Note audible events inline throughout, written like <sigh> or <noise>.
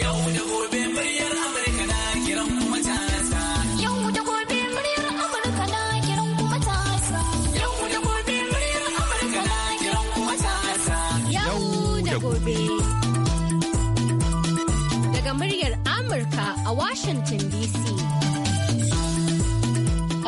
Yo, the boy,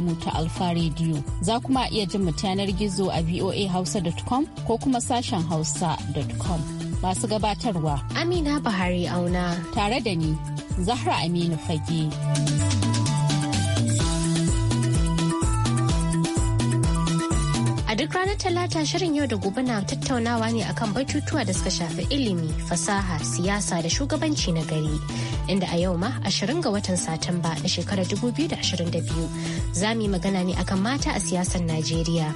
mu ta Alfa Radio. Za kuma iya jin mu yanar gizo a voahausa.com ko kuma sashen hausa.com. Masu gabatarwa. Amina Buhari auna. Tare da ni, Zahra Aminu Fage. duk ranar talata shirin yau da gobe na tattaunawa ne akan batutuwa da suka shafi ilimi fasaha siyasa da shugabanci na gari inda a yau ma 20 ga watan Satumba na shekarar 2022 za mu yi magana ne akan mata a siyasar Najeriya.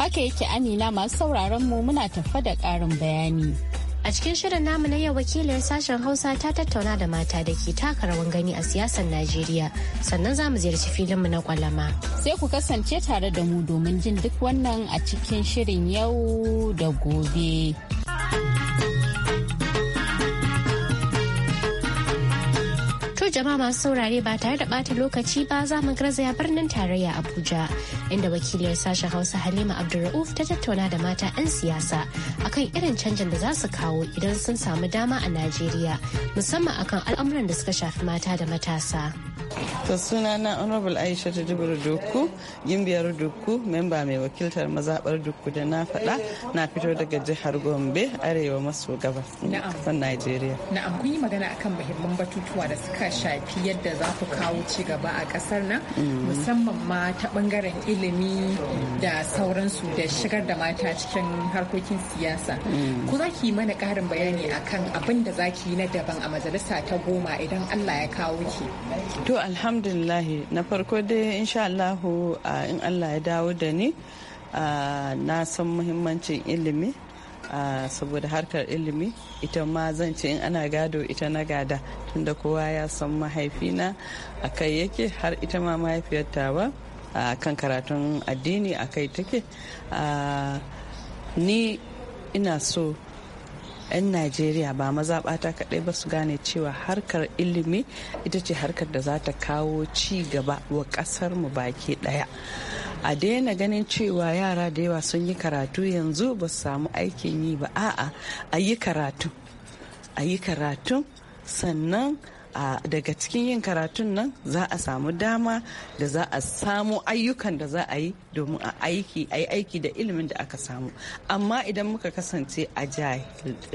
Haka yake Amina masu sauraron mu muna tafa da ƙarin bayani. A cikin shirin namu na yau wakilin sashen Hausa ta tattauna da mata da ke taka rawan gani a siyasar Najeriya sannan za mu ziyarci filinmu na kwalama. Sai ku kasance tare da mu domin jin duk wannan a cikin shirin yau da gobe. jama'a masu saurare ba tare da bata lokaci ba za mu garzaya birnin tarayya Abuja inda wakiliyar sashen Hausa Halima Abdulrauf ta tattauna da mata 'yan siyasa akan irin canjin da za su kawo idan sun samu dama a Najeriya musamman akan al'amuran da suka shafi mata da matasa. to suna na honorable aisha ta dubur duku gimbiyar duku memba mai wakiltar mazabar duku da na faɗa na fito daga jihar gombe arewa maso gabas kasar najeriya na'am kun yi magana akan muhimman batutuwa da suka shafi yadda za ku kawo ci gaba a kasar nan mm. musamman ma ta bangaren ilimi da sauransu da shigar da mata cikin harkokin siyasa mm. ku za ki mana karin bayani akan abin da za ki yi na daban a majalisa ta goma idan allah ya kawo ki to alhamdulillahi na farko dai insha Allah in allah ya dawo da ni na san muhimmancin ilimi saboda harkar ilimi ita ma zan ce in ana gado ita na gada tunda kowa ya san mahaifina a kai yake har ita ma mahaifiyar tawa kan karatun addini a kai take ni ina so 'yan najeriya ba maza bata kaɗai ba su gane cewa harkar ilimi ita ce harkar da za ta kawo ci gaba wa ƙasar mu baki ɗaya a daina ganin cewa yara da yawa sun yi karatu yanzu ba su samu aikin yi ba a'a a yi karatu a yi karatu sannan daga cikin yin karatun nan za a samu dama da za a samu ayyukan da za a yi domin a aiki a yi aiki da ilimin da aka samu amma idan muka kasance a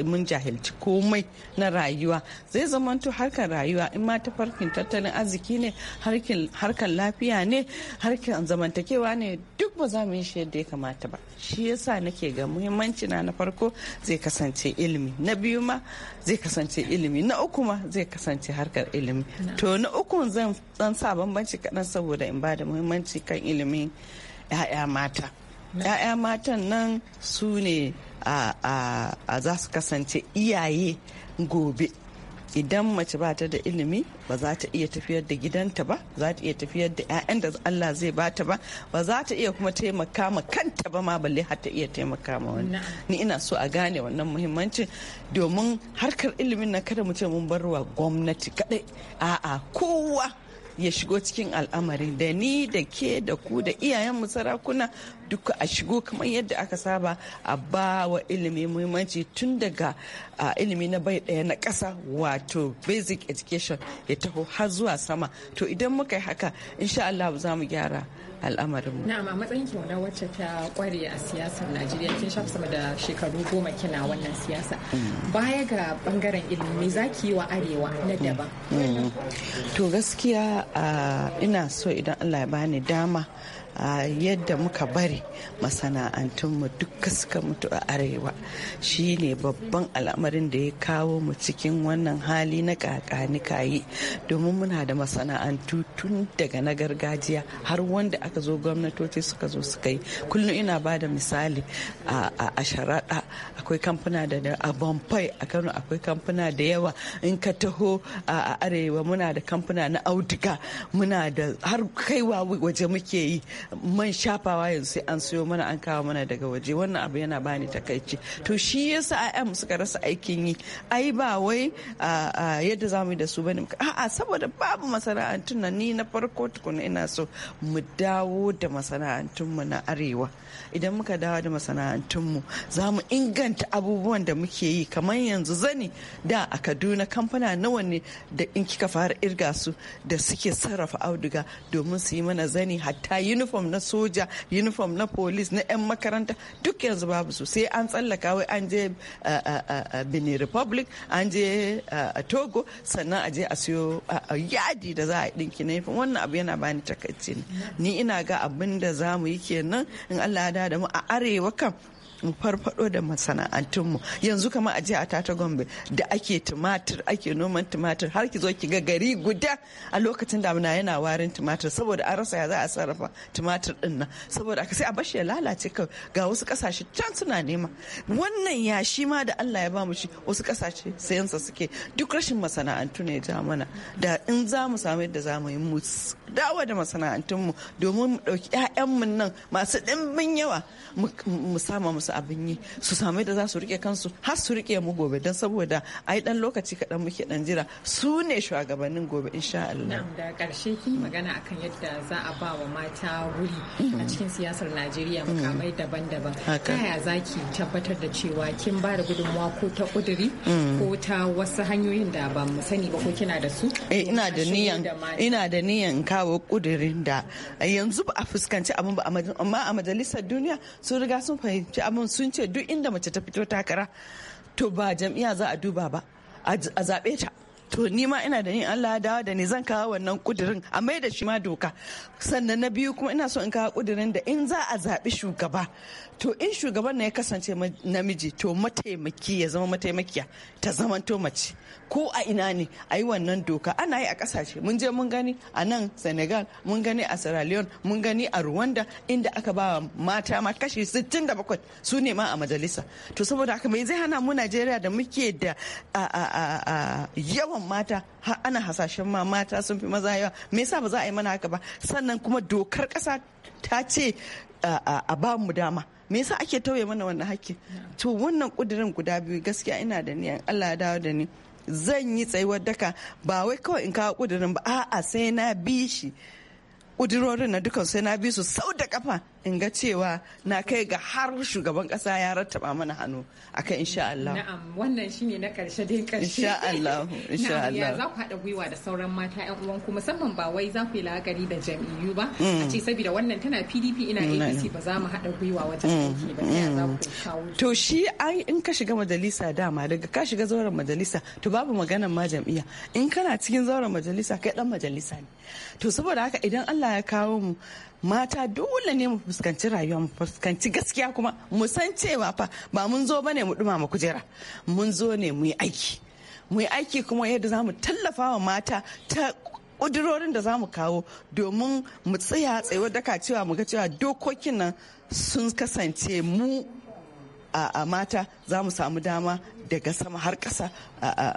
mun jahilci komai na rayuwa zai zamanto harkar rayuwa in ma ta farkin tattalin arziki ne harkar lafiya ne harkar zamantakewa ne duk ba za mu yi shi yadda ya kamata ba shi yasa nake ga muhimmanci na na farko zai kasance ilimi na biyu ma zai kasance ilimi na uku ma zai kasance harkar ilimi to na uku zan dan sa bambanci kaɗan saboda in ba da muhimmanci kan ilimin 'ya'ya mata 'ya'ya matan nan su ne a za su kasance iyaye gobe idan mace ba ta da ilimi ba za ta iya tafiyar da gidanta ba za ta iya tafiyar da 'ya'yan da Allah zai bata ba ba za ta iya kuma taimaka ma kanta ba ma balle har ta iya taimaka ma wani ni ina so a gane wannan muhimmanci domin harkar ilimin na kada mu ce mun barwa gwamnati kadai a'a kowa ya shigo cikin al'amari da ni da ke da ku da iyayenmu sarakuna duka a shigo kamar yadda aka saba a ba wa ilimi muhimmanci tun daga ilimi na bai ɗaya na ƙasa wato basic education ya taho har zuwa sama to idan muka yi haka insha Allah za mu gyara mu na a matsayin ki wadda wacce ta kware a siyasar Najeriya kin shafa sama da shekaru goma kina wannan siyasa. Mm. Baya ga bangaren ilimi zaki yi wa arewa na mm. daban. Mm. To gaskiya ina so idan Allah ya bani dama A yadda muka bari masana'antunmu duka suka mutu a arewa shi ne babban al'amarin da ya kawo mu cikin wannan hali na kakanikayi domin muna da masana'antu tun daga na gargajiya har wanda aka zo gwamnatoci suka zo suka yi kullum ina ba da misali a sharaɗa akwai kamfuna da a bombay a kano akwai kamfuna da yawa in ka taho a arewa muna da kamfuna na auduga muna da har kaiwa waje muke yi man shafawa yanzu sai an siyo mana an kawo mana daga waje wannan abu yana bani takaici to shi yasa am suka rasa aikin yi ai ba wai yadda zamu yi da su bane a'a saboda babu masana'antun nan ni na farko tukuna ina so mu dawo da masana'antun mu na arewa idan muka dawo da masana'antun mu za mu inganta abubuwan da muke yi kamar yanzu zani da a Kaduna kamfana nawa ne da in kika fara irga su da suke sarrafa auduga domin su yi mana zani hatta uniform uniform na soja uniform na police na 'yan makaranta duk yanzu babu su sai an tsallaka wai an je benin republic an je togo sannan a je a siyo yadi da za a dinki na wannan abu yana bani takaici ni ina ga abin da za mu yi kenan in allah ya da mu a arewa kam mu farfado da masana'antunmu yanzu kama a jiya ta gombe da ake tumatir ake noman tumatir har ki zo ki ga gari guda a lokacin da damina yana warin tumatir saboda an rasa ya za a sarrafa tumatir din nan saboda aka sai a bashi ya lalace ka ga wasu kasashe can suna nema wannan ya shi ma da Allah ya bamu shi wasu kasashe sayansa suke duk rashin masana'antu ne ja mana da in za mu samu yadda za mu yi mu dawo da masana'antunmu domin mu ɗauki 'ya'yanmu nan masu ɗimbin yawa mu sama musu abin yi su samu da za su rike kansu har su rike mu gobe don saboda ai ɗan lokaci kaɗan muke ɗan jira su ne shugabannin gobe insha Allah. da ƙarshe ki magana akan yadda za a ba wa mata wuri a mhm. cikin siyasar Najeriya makamai mhm. daban-daban. Ta yaya za ki tabbatar da cewa kin ba da gudunmawa ko ta ƙuduri mhm. ko ta wasu hanyoyin da ba mu sani ba ko kina da su? Eh, ina da niyan ina da niyan kawo kudirin da yanzu ba a fuskanci abin ba amma a majalisar duniya sun riga sun fahimci abin sun ce duk inda mace ta fito takara to ba jam'iyya za a duba ba a zaɓe ta to ni ma ina da ni Allah ya dawo da ni zan kawo wannan kudirin a mai da shi ma doka sannan na biyu kuma ina so in kawo kudirin da in za a zaɓi shugaba to in shugaban na ya kasance namiji to mataimaki ya zama mataimakiya ta zamanto mace ko a ina ne a yi wannan doka ana yi a kasashe mun je mun gani a nan senegal mun gani a sierra leone mun gani a rwanda inda aka ba mata ma kashi 67 su ne ma a majalisa to saboda haka mai zai hana mu najeriya da muke da yawan mata har ana hasashen ma mata sun fi maza yawa me yasa ba za a yi mana haka ba sannan kuma dokar kasa ta ce a ba mu dama me yasa ake tauye mana wannan hakki to wannan kudirin guda biyu gaskiya ina da ni Allah ya dawo da ni zan yi tsayuwar daka ba wai kawai in kawo kudirin ba a'a sai na bi shi kudirorin na dukan sai na bi su sau da kafa in ga cewa na kai ga har shugaban kasa ya rattaba mana hannu kan insha Allah na'am wannan shine na karshe dai karshe insha Allah <laughs> insha Allah ya za ku haɗa gwiwa da sauran mata ƴan uwan ku musamman ba wai za ku yi la'akari da jam'iyyu ba mm. a ce saboda wannan tana PDP ina mm, APC mm. ba za mu haɗa gwiwa wajen aiki ba ya za ku kawo to shi ai in ka shiga majalisa dama daga ka shiga zauren majalisa to babu maganar ma jam'iyya in kana cikin zauren majalisa kai dan majalisa ne to saboda haka idan Allah ya kawo mu mata dole ne mu fuskanci rayuwa mu fuskanci gaskiya kuma mu san cewa fa ba mun zo bane mu dumama kujera mun zo ne mu yi aiki mu yi aiki kuma yadda za mu tallafa wa mata ta kudurorin da za mu kawo domin mu tsaya tsayuwar daka cewa mu ga cewa dokokin nan sun kasance mu a mata za mu samu dama daga sama har ƙasa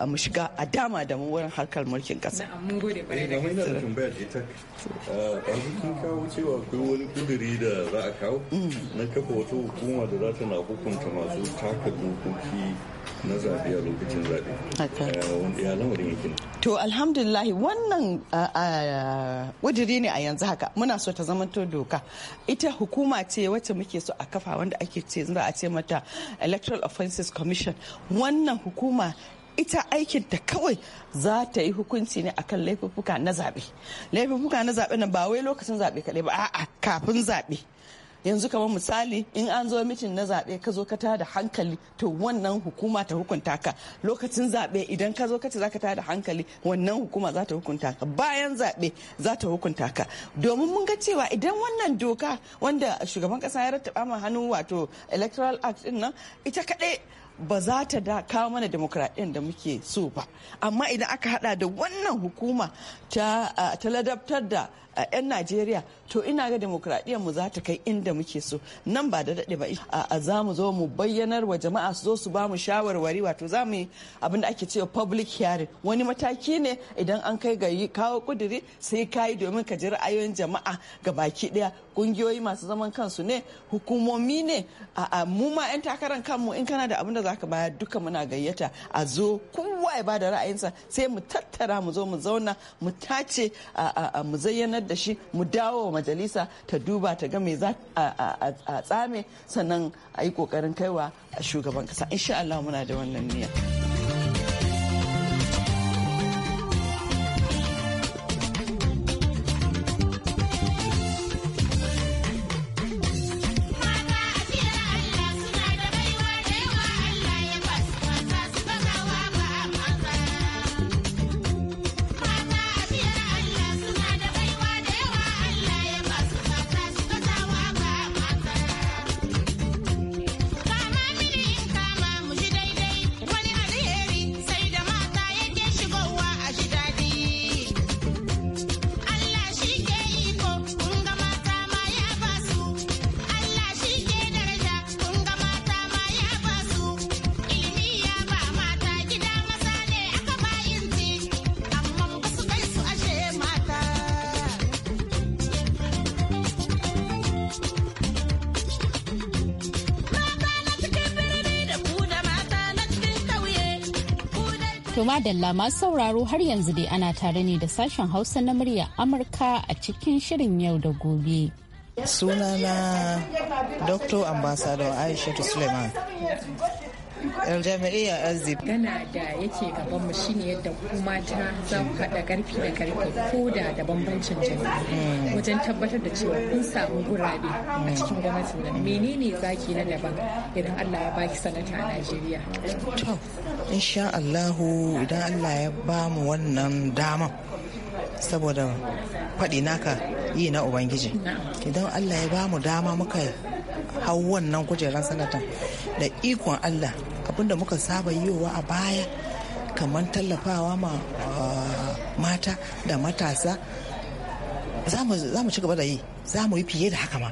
mu shiga a dama da mu wurin harkar mulkin ƙasa. Mun eh, akwai wani kuduri da a mm. na kafa wata hukuma da za ta na hukunta masu taka dokoki na zaɓe a lokacin zaɓe. Ya lamarin yakin. To alhamdulillahi wannan wajiri ne a yanzu haka muna so ta zamanto doka ita hukuma ce wacce muke so a kafa wanda ake ce za a ce mata electoral offenses commission wannan hukuma ita aikin aikinta kawai za ta yi hukunci ne akan laifuka na zaɓe laifuka na zaɓe na ba wai lokacin zaɓe kaɗai ba a'a kafin zaɓe yanzu kamar misali in an zo mitin na zaɓe ka zo ka da hankali to wannan hukuma ta hukunta ka lokacin zaɓe idan ka zo ka ce zaka da hankali wannan hukuma za ta hukunta ka bayan zaɓe za ta hukunta ka domin mun ga cewa idan wannan doka wanda shugaban kasa ya rattaba ma hannu wato electoral act din nan ita kaɗai ba za ta da kawo mana demokradiyyar da muke so ba amma idan aka hada da wannan hukuma ta ah, ladabtar da a 'yan najeriya to ina ga demokradiyyar mu za ta kai inda muke so nan ba da daɗe ba a za mu zo mu bayyanar wa jama'a su zo su ba mu shawarwari wato za mu yi abin da ake cewa public hearing wani mataki ne idan an kai ga kawo kuduri sai kayi domin ka ji ra'ayoyin jama'a ga baki ɗaya kungiyoyi masu zaman kansu ne hukumomi ne a mu ma 'yan takarar kanmu in kana da abin da zaka bayar duka muna gayyata a zo kowa ya bada ra'ayinsa sai mu tattara mu zo mu zauna mu tace mu zayyanar da shi mu dawo wa majalisa ta duba ta ga me za a tsame sannan a yi kokarin kaiwa shugaban kasa insha Allah muna da wannan niyya. madalla masu sauraro har yanzu dai ana tare ne da sashen hausa na murya amurka a cikin shirin yau da gobe sunana dr ambassador aisha suleiman yan jami'a azib gana da yake gaban mu shine yadda ku mata za ku haɗa karfi da karfi ko da da bambancin jami'a wajen tabbatar da cewa kun samu gurabe a cikin gwamnati nan menene zaki na daban idan Allah ya baki sanata a Najeriya to insha Allah idan Allah ya ba mu wannan dama saboda faɗi naka yi na ubangiji idan Allah ya ba mu dama muka hau wannan kujerar sanata da ikon Allah abinda muka saba yiwa a baya kamar tallafawa ma ah, mata da matasa za mu ci gaba da yi za mu yi fiye da haka ma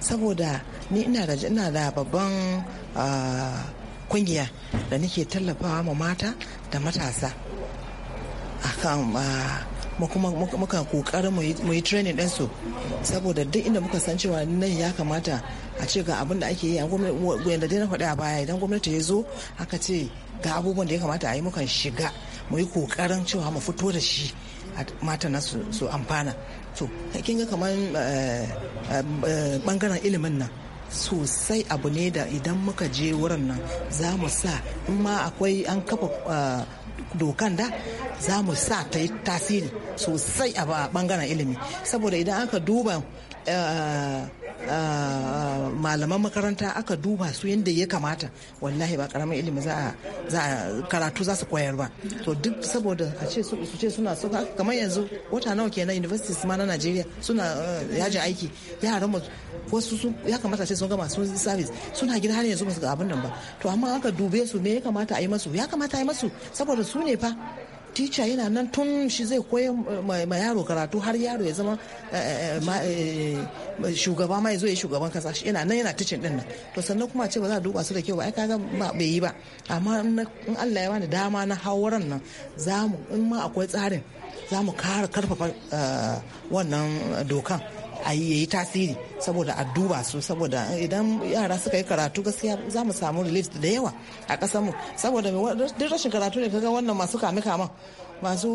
saboda ni ina da babban ah, kungiya da nake tallafawa ma mata da matasa kan ah, kuma muka kokarin mu yi training ɗinsu saboda duk inda muka san cewa nan ya kamata a ce ga abin da ake yi a gwamnati dai na faɗi a baya idan gwamnati ya zo aka ce ga abubuwan da ya kamata a yi mukan shiga mu yi kokarin cewa mu fito da shi mata na su amfana to kin ga kamar bangaren eh, eh, eh, ilimin nan sosai abu ne da idan muka je wurin nan za mu sa in ma akwai an kafa dokan da za mu sa ta yi tasiri sosai a bangaren ilimi saboda idan aka duba malaman makaranta aka duba su yadda ya kamata wallahi ba karamin ilimi za a karatu za su koyar ba to duk saboda a ce su ce suna so kamar yanzu wata nawa kenan universities ma na Najeriya suna eh, yajin aiki yaran mu wasu su ya kamata ce sun gama sun service suna gida har yanzu ba su ga abin nan ba to amma aka dube su me ya kamata a yi masu ya kamata a yi masu saboda su ne fa tica yana nan tun shi zai koya ma yaro karatu har yaro ya zama eh, eh, eh, shugaba ma ya zo ya shugaban kasa shi yana nan yana ticin din nan to sannan kuma ce ba za a duba su da kyau ba ai kaga ba bai yi ba amma in Allah ya bani dama na hawaran nan zamu in ma akwai tsarin za mu kara karfafa wannan dokan a yi yayi tasiri saboda a duba su saboda idan yara suka yi karatu gaskiya za mu samu relief da yawa a ƙasar mu saboda duk rashin karatu ne kaga wannan masu kame kaman masu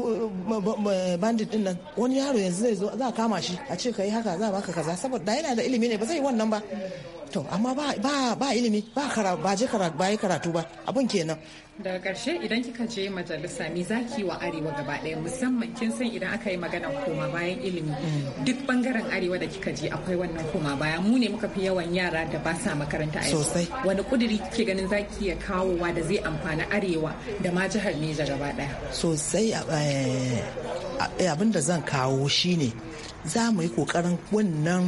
bandit din nan wani yaro yanzu zai zo za a kama shi a ce ka yi haka za a baka kaza saboda yana da ilimi ne ba zai yi wannan ba to amma ba ba ilimi ba kara ba je kara ba yi karatu ba abun kenan daga karshe idan kika je majalisa me zaki wa arewa gaba ɗaya musamman kin san idan aka yi magana koma bayan ilimi mm. duk bangaren arewa da kika je akwai wannan koma baya mu ne muka fi yawan yara da ba sa makaranta a sosai wani kuduri kike ganin zaki ya kawowa da zai amfana arewa da ma jihar Neja gaba ɗaya sosai eh, abin da zan kawo shine za mu yi kokarin wannan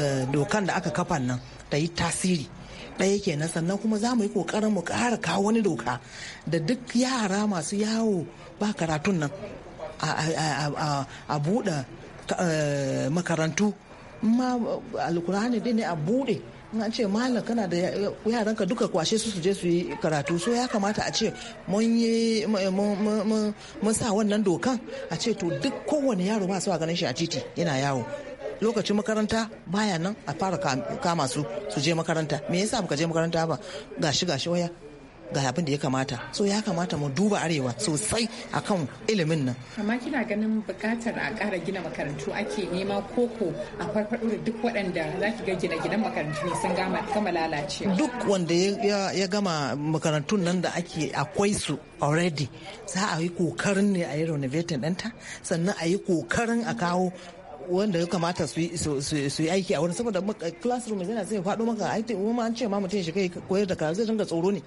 eh, dokan da aka kafa nan ta yi tasiri ɗaya kenan sannan kuma za mu yi ƙoƙarin mu ƙara kawo wani doka da duk yara masu yawo ba karatun nan a buɗe eh, makarantu ma alkur'ani dai ne a buɗe an ce malam kana da yaranka duka kwashe su je su yi karatu so ya kamata a ce mun yi mun sa wannan dokan a ce to duk kowane yaro ba su a ganin shi a titi yana yawo lokacin makaranta baya nan a fara kama su su je makaranta me yasa baka je makaranta ba gashi gashi waya ga abin da ya kamata so ya kamata mu duba arewa sosai akan ilimin nan amma kina ganin bukatar a ƙara gina makarantu ake nema koko a farfaɗo da duk waɗanda za ki ga gina gidan makarantu sun gama lalacewa duk wanda ya gama makarantun nan da ake akwai su already za a yi kokarin ne a yi renovating ɗanta sannan a yi kokarin a kawo wanda ya kamata su yi aiki a wani saboda eh, classroom yana zai faɗo maka aiki kuma an ce ma mutum shiga koyar da karatu zai dinga tsoro ne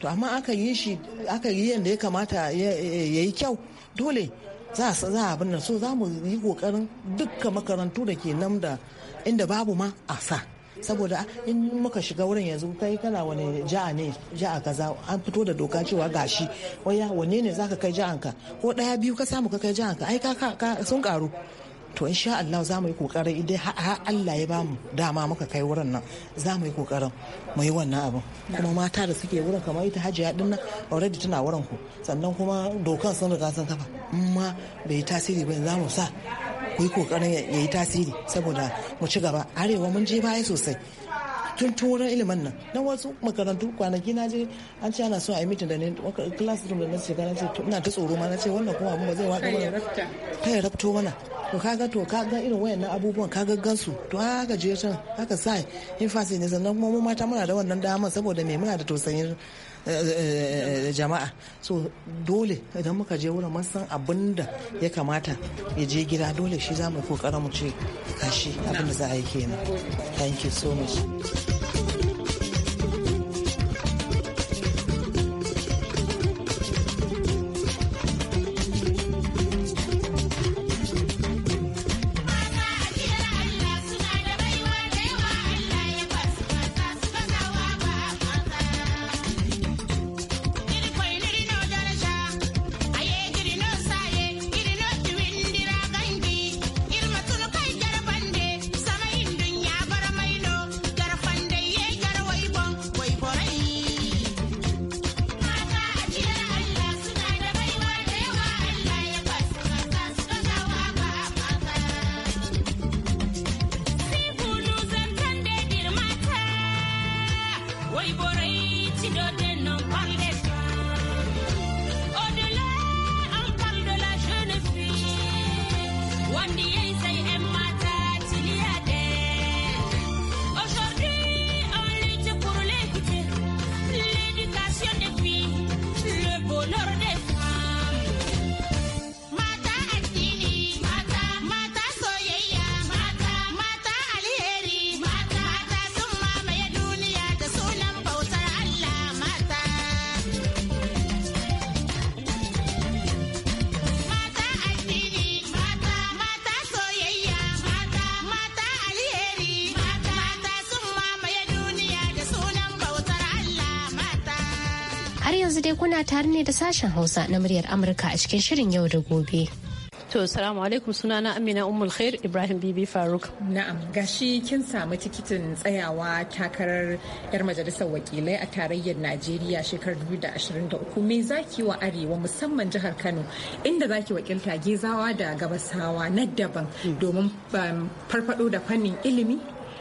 to amma aka yi shi aka yi yadda ya kamata ya yi kyau dole za a abin nan so za mu yi kokarin dukka makarantu da ke nan da inda babu ma a sa saboda in muka shiga wurin yanzu kai kana wani ja'a ne ja'a kaza an fito da doka cewa gashi waya wanne ne zaka kai ja'anka ko daya biyu ka samu ka kai ja'anka ai ka sun karu to insha Allah za mu yi kokarin idan Allah ya bamu dama muka kai wurin nan za mu yi kokarin mu yi wannan abin kuma mata da suke wurin kamar ita hajiya din nan already tana wurin ku sannan kuma dokan sun riga sun kafa amma bai tasiri ba za mu sa ku yi kokarin ya yi tasiri saboda mu ci gaba arewa mun je baya sosai tun turan ilimin nan na wasu makarantu kwanaki na je an ce ana so a yi mitin da ne classroom da na shiga na ce ina ta tsoro ma na ce wannan kuma abin ba zai waɗo mana kai rafto mana to kaga to kaga irin wayannan abubuwan kaga gansu to haka je can haka sa fasi ne sannan kuma mu mata muna da wannan dama saboda me muna da tausayin eh, eh, eh, jama'a so dole idan muka je wurin mun san abin da ya kamata ya je gida dole shi za mu kokarin mu ce kashi abin da za a yi kenan thank you so much Har yanzu dai kuna tare ne da sashen Hausa na muryar Amurka a cikin shirin yau da gobe. To, salamu alaikum sunana Amina Ummul Khair Ibrahim Bibi Faruk. Na'am, gashi kin samu tikitin tsayawa takarar 'yar majalisar wakilai a tarayyar Najeriya shekarar 2023 me zaki wa arewa musamman jihar Kano inda zaki wakilta gizawa da gabasawa na daban hmm. domin um, farfado da fannin ilimi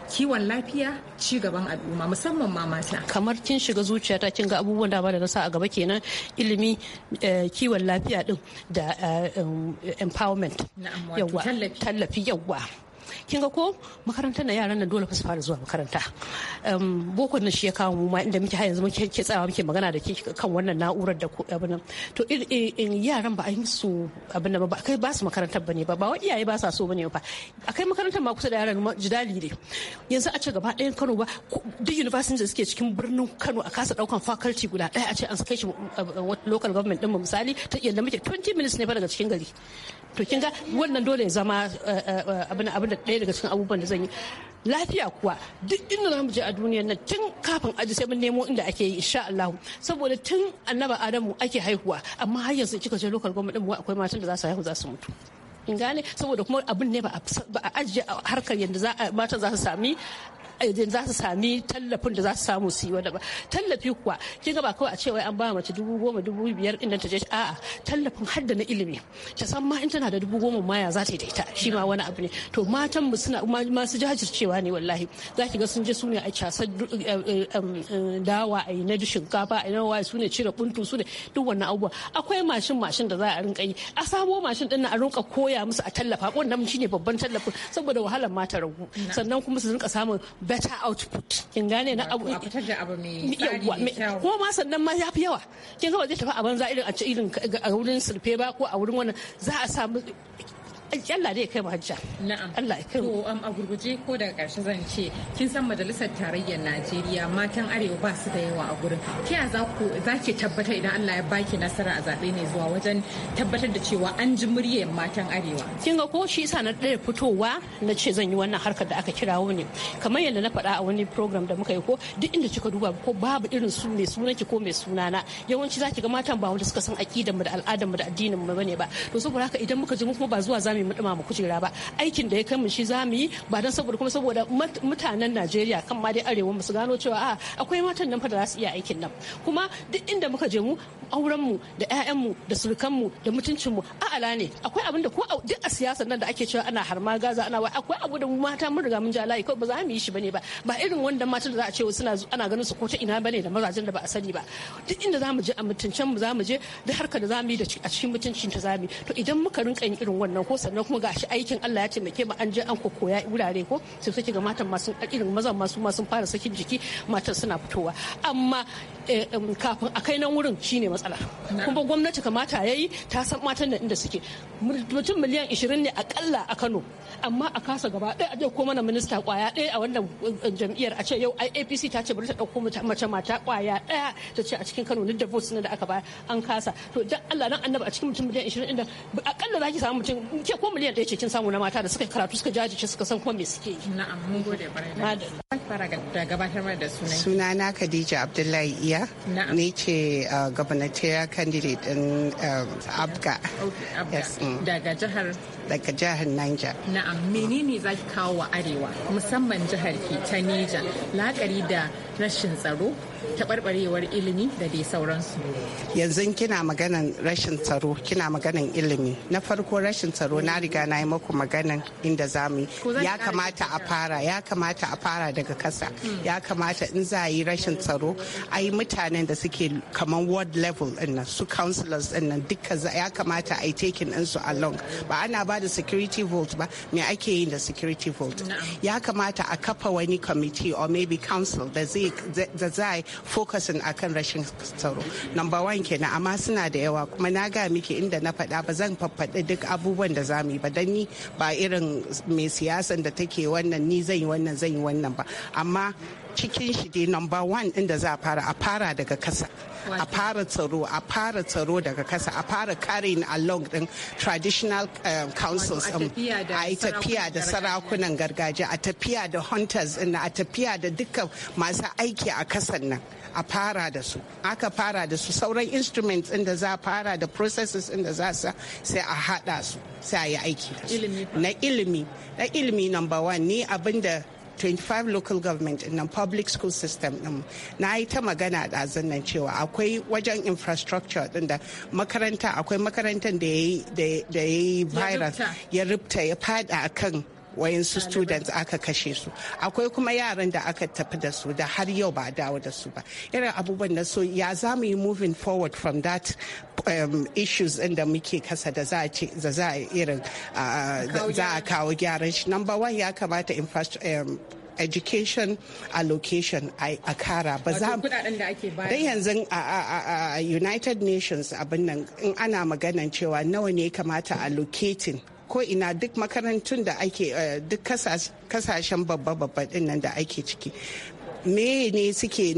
kiwon lafiya ci gaban al'umma musamman ma mata kamar kin shiga zuciyata kin ga abubuwan da da na sa a gaba kenan ilimi eh, kiwon lafiya din da eh, empowerment yawa tallafi yawa kin ga ko makaranta na yaran nan dole fa su fara zuwa makaranta boko nan shi ya kawo mu ma inda muke har yanzu muke ke tsawa muke magana da ke kan wannan na'urar da abin nan to yaran ba a yi su abin nan ba kai ba su makarantar bane ba ba wa iyaye ba sa so bane ba akai makarantar ma kusa da yaran jidali ne yanzu a ce gaba ɗayan Kano ba duk university da suke cikin birnin Kano a kasa daukan faculty guda ɗaya a ce an kai shi uh, uh, local government din mu misali ta yanda muke 20 minutes ne ba daga cikin gari to kin ga wannan dole ya zama uh, abin da ɗaya daga cikin abubuwan da zan yi lafiya kuwa duk inda za mu je a duniyar nan tun kafin aji sai mun nemo inda ake yi insha Allah saboda tun annaba Adamu ake haihuwa amma har yanzu kika je lokacin gwamnati mu akwai matan da za su haihu za su mutu in gane saboda kuma abin ne ba a ajiye harkar yadda matan za su sami za su sami tallafin da za su samu su yi wani ba tallafi kuwa kin ga ba kawai a cewa an ba mace dubu goma dubu biyar inda ta je a'a tallafin hadda na ilimi ta san ma in tana da dubu goma ma ya za ta yi da ita shi ma wani abu ne to matan mu suna masu jajircewa ne wallahi za ki ga sun je su ne a casar eh, eh, um, eh, dawa a yi na shinkafa a yi na wa su ne cire buntu su ne duk wannan abubuwa akwai mashin mashin da za a rinka yi a samo mashin din a rinka koya musu a tallafa wannan shine babban tallafin saboda wahalar mata ragu sannan kuma su rinka samun better output kin gane na abu ko ma sannan ma ya fi yawa kin ga ba zai tafi a banza irin a irin a wurin sulfe ba ko a wurin wannan za a samu Allah dai kai mu hajja na'am Allah ya kai to um, a gurguje ko daga karshe zan ce kin san majalisar tarayyar Najeriya matan arewa ba su da yawa a gurin kiya za ku za ki tabbatar idan Allah ya baki nasara a zabe ne zuwa wajen tabbatar da cewa an ji muryar matan arewa kin ga ko shi yasa na ɗaya fitowa na ce zan yi wannan harkar da aka kirawo ne kamar yadda na faɗa a wani program da muka yi ko duk inda kika duba ko babu irin su mai sunanki ko mai sunana yawanci za ki ga matan ba wanda suka san aƙidar mu da al'adar mu da addinin mu ne ba to saboda haka idan muka ji mu kuma ba zuwa zamu mu dima mu kujera ba aikin da ya kai mu shi za mu yi ba dan saboda kuma saboda mutanen Najeriya kan ma dai arewa mu su gano cewa a akwai matan nan fa da za su iya aikin nan kuma duk inda muka je mu auren mu da ƴaƴan mu da surukan mu da mutuncin mu a'ala ne akwai abin da ko duk a siyasar nan da ake cewa ana harma gaza ana wai akwai abu da mata mun riga mun ji alayi kawai ba za mu yi shi bane ba ba irin wanda matan da za a ce suna ana ganin su ko ta ina bane da mazajen da ba a sani ba duk inda za mu je a mutuncen mu za mu je da harka da za mu yi a cikin mutuncin ta za mu to idan muka rinka yin irin wannan ko sannan kuma gashi aikin Allah ya taimake ba an je an koya wurare ko sai suke ga matan masu irin mazan masu ma sun fara sakin jiki matan suna fitowa amma eh, kafin a kai nan wurin shine matsala kuma gwamnati kamata yayi ta san matan da inda suke mutum miliyan 20 ne akalla a Kano amma a kasa gaba ɗaya a dauko mana minista kwaya ɗaya a wannan jam'iyyar a ce yau apc ta ce bari ta ɗauko mace mata kwaya ɗaya ta ce a cikin kano duk da votes da aka baya an kasa to dan allah nan annabi a cikin mutum miliyan 20 inda akalla za ki samu mutum ke ce ko miliyan ɗaya ce kin samu na mata da suka karatu suka jajirce suka san ko me suke yi na'am mun gode barai da fara da gabatar da sunan sunana Khadija Abdullahi Iya ne ce uh, gubernatorial candidate din uh, Abga mm. daga jihar daga jihar Niger. Na'am, menene za ki kawo wa Arewa musamman jihar ki ta Niger lakari da rashin tsaro, taɓarɓarewar ilimi da dai sauransu. Yanzu kina maganan rashin tsaro, kina maganan ilimi. Na farko rashin tsaro na riga na yi maku magana, inda za mu yi. Ya kamata a fara, ya kamata a fara daga kasa. Ya kamata in za a yi rashin tsaro, a yi mutanen da suke kaman ward level ɗin su councillors ɗin nan duka ya kamata a yi taking ɗinsu along. Ba ana ba ba da security vote ba me ake yi da security vote ya kamata a kafa wani committee or maybe council da zai focusing akan rashin tsaro number one kenan amma suna da yawa kuma na ga miki inda na faɗa ba zan faɗi duk abubuwan da za mu yi ba dan ni ba irin mai siyasan da take wannan ni zan yi wannan zan yi wannan ba amma cikin shi dai number one inda za a fara a fara daga kasa a fara tsaro a fara tsaro daga kasa a fara carrying along din traditional eh, councils a yi tafiya da sarakunan gargajiya a tafiya da hunters din a tafiya da duka masu aiki a kasan nan a fara da su aka fara da su sauran instruments inda za a fara da processes inda da za su sai a hada su sai a yi aiki da su na ilimi na ilimi number one ni abinda 25 local government nan public school system na yi ta magana a nan cewa akwai wajen infrastructure din da makaranta akwai makarantar da ya yi virus ya rubta ya fada kan. wayansu students aka kashe su akwai kuma yaran da aka tafi da su da har yau ba dawo da su ba irin abubuwan na so ya za mu yi moving forward from that um, issues din da muke kasa da za a irin za a uh, kawo gyaran shi number one ya kamata infrastructure um, education allocation a kara ba za dan yanzu a united nations abin nan in ana maganan cewa nawa ne kamata allocating ko ina duk makarantun da ake eh, duk kasashen babba-babba din nan da ake ciki me ne suke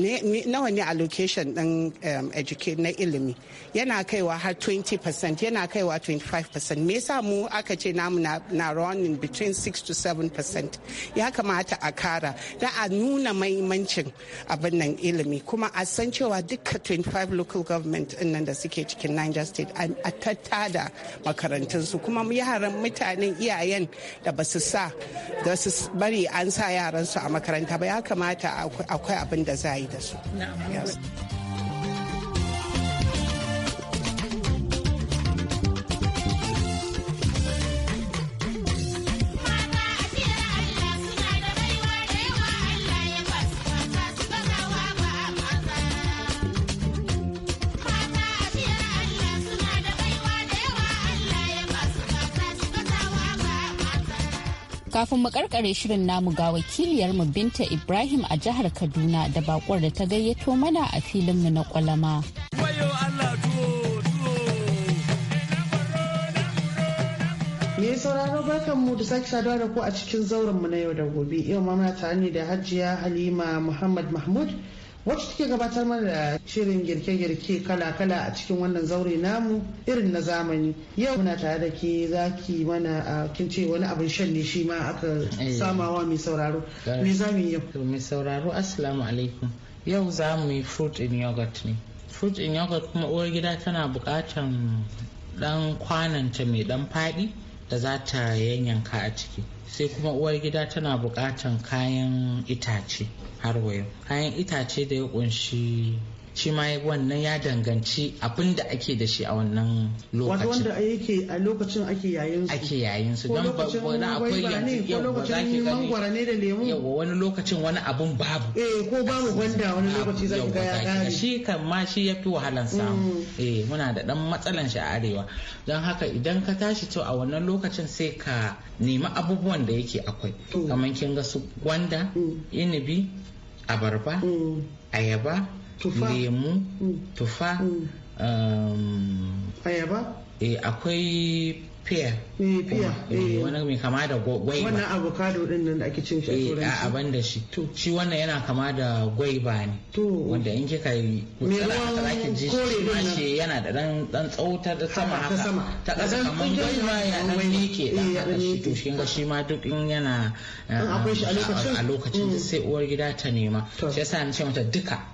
nawa ne allocation din um, education na ilimi yana kaiwa har 20% yana kaiwa 25% me yasa mu aka ce namu na running between 6 to 7% ya kamata a kara da a nuna mahimmancin abin nan ilimi kuma a san cewa duka 25 local government nan da suke cikin Niger state a tattada makarantunsu kuma yaran mutanen iyayen da ba su sa da su bari an sa yaransu a makaranta ba ya kamata a akwai abin da za a yi da su. kafin mu karkare shirin namu ga wakiliyar mu binta ibrahim a jihar kaduna da bakwar da ta gayyato mana a filinmu na kwalama Me sauraro barkan mu da sake saduwa da ku a cikin zauren mu na yau da gobe. Yau ma muna tare ne da Hajiya Halima Muhammad Mahmud wacce take gabatar mana da shirin girke-girke kala-kala a cikin wannan zaure namu irin na zamani yau muna tare da ke zaki mana kin ce wani abin shan ne shi ma aka eh. samawa mai sauraro eh. me za mu yau mai sauraro assalamu alaikum yau za mu yi fruit in yogurt ne fruit in yogurt kuma uwar gida tana buƙatan dan kwananta mai dan faɗi da za ta yanyanka a ciki sai kuma uwar gida tana bukatan kayan itace har wayo kayan itace da ya kunshi shi ma wannan ya danganci abin da ake da shi a wannan lokacin wanda yake a lokacin ake yayin su ake yayin su don ba wani akwai yanzu yau ba za ki ne da lemu yawa wani lokacin wani abun babu eh ko babu gwanda wani lokaci za ki ga ya kare shi kan ma shi ya fi wahalan samu mm. eh muna da dan matsalan shi a arewa don haka idan ka tashi to a wannan lokacin sai ka nemi abubuwan da yake akwai mm. kamar kin ga su gwanda mm. inibi abarba ayaba lemu mm. tufa mm. Um, ayaba eh, akwai pear eh, eh. wani mai kama da gwaiba wannan avocado din nan da ake cin shi a turanci a ban da shi shi wannan yana kama da gwaiba ne wanda in kika yi kutsala haka kore ji shi ma shi yana da dan dan tsauta da sama haka ta kasa kaman gwaiba ya dan ke da haka shi to shi shi ma duk in yana um, a lokacin mm. sai uwar gida ta nema shi yasa ni ce mata duka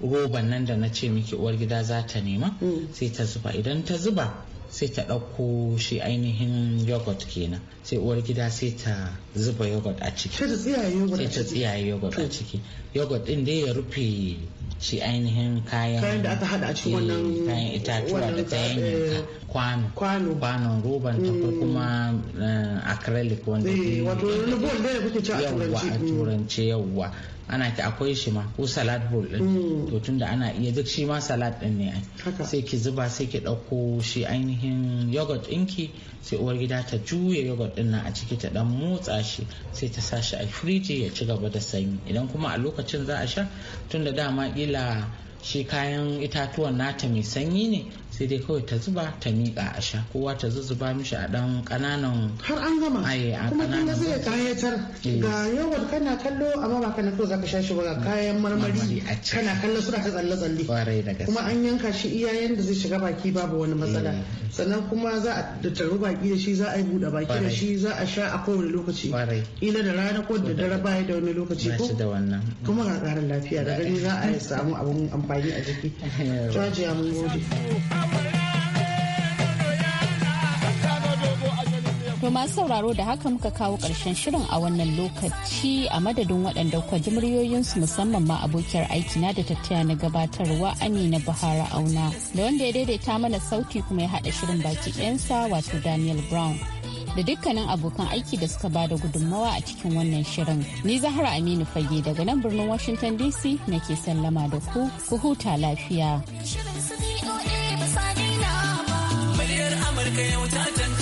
roban nan da na ce miki uwar gida za ta nema mm. sai ta zuba idan ta zuba sai ta ɗauko shi ainihin yogurt kenan sai uwar gida sai ta zuba yogurt a ciki sai ta tsiyaye yogurt a ciki yogurt din dai ya rufe shi ainihin kayan kayan da aka hada a cikin wannan eh, kayan itatuwa da ta yanyanka eh, kwano kwanon roban ta ko mm. kuma eh, acrylic wanda wato yawwa. a mm. turance yawwa ana ki akwai shi ma ko salad bowl din mm. to tunda ana iya duk shi ma salad din ne sai ki zuba sai ki dauko shi ainihin yogurt ɗinki sai uwar gida ta juya yogurt din nan a ciki ta dan motsa shi sai ta sashi a firiji ya ci gaba da sanyi idan kuma a lokacin za a sha tunda dama kila shi kayan itatuwan nata mai sanyi ne sai dai kawai ta zuba ta miƙa a sha kowa ta zuzzuba mishi a ɗan ƙananan har an gama kuma kin zai kayatar eh. ga yogurt kana kallo amma ba kana kawai zaka sha shi ba ga kayan marmari kana kallo suna ta tsalle tsalle kuma an yanka shi iyayen da zai shiga baki babu wani matsala eh. sannan kuma za a taru baki da shi za a yi buɗe baki da shi za a sha a kowane lokaci ila da rana ko da dare baya da wani lokaci ko kuma ga ƙarin lafiya da gani za a samu abun amfani a jiki. <laughs> Jajiya mun gode. To masu sauraro da haka muka kawo ƙarshen shirin a wannan lokaci a madadin waɗanda kwa ji muryoyinsu musamman ma abokiyar aiki na da tattaya na gabatarwa Amina Buhari Auna da wanda ya daidaita mana sauti kuma ya haɗa shirin baki ɗayansa wato Daniel Brown. Da dukkanin abokan aiki da suka bada gudunmawa a cikin wannan shirin. Ni Zahra Aminu Fage daga nan birnin Washington DC nake sallama da ku, ku huta lafiya. Muryar Amurka yau ta